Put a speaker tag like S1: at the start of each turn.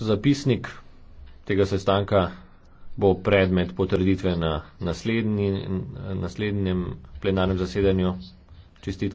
S1: zapisnik tega sestanka bo predmet potrditve na naslednji, naslednjem plenarnem zasedanju.
S2: Čestitke.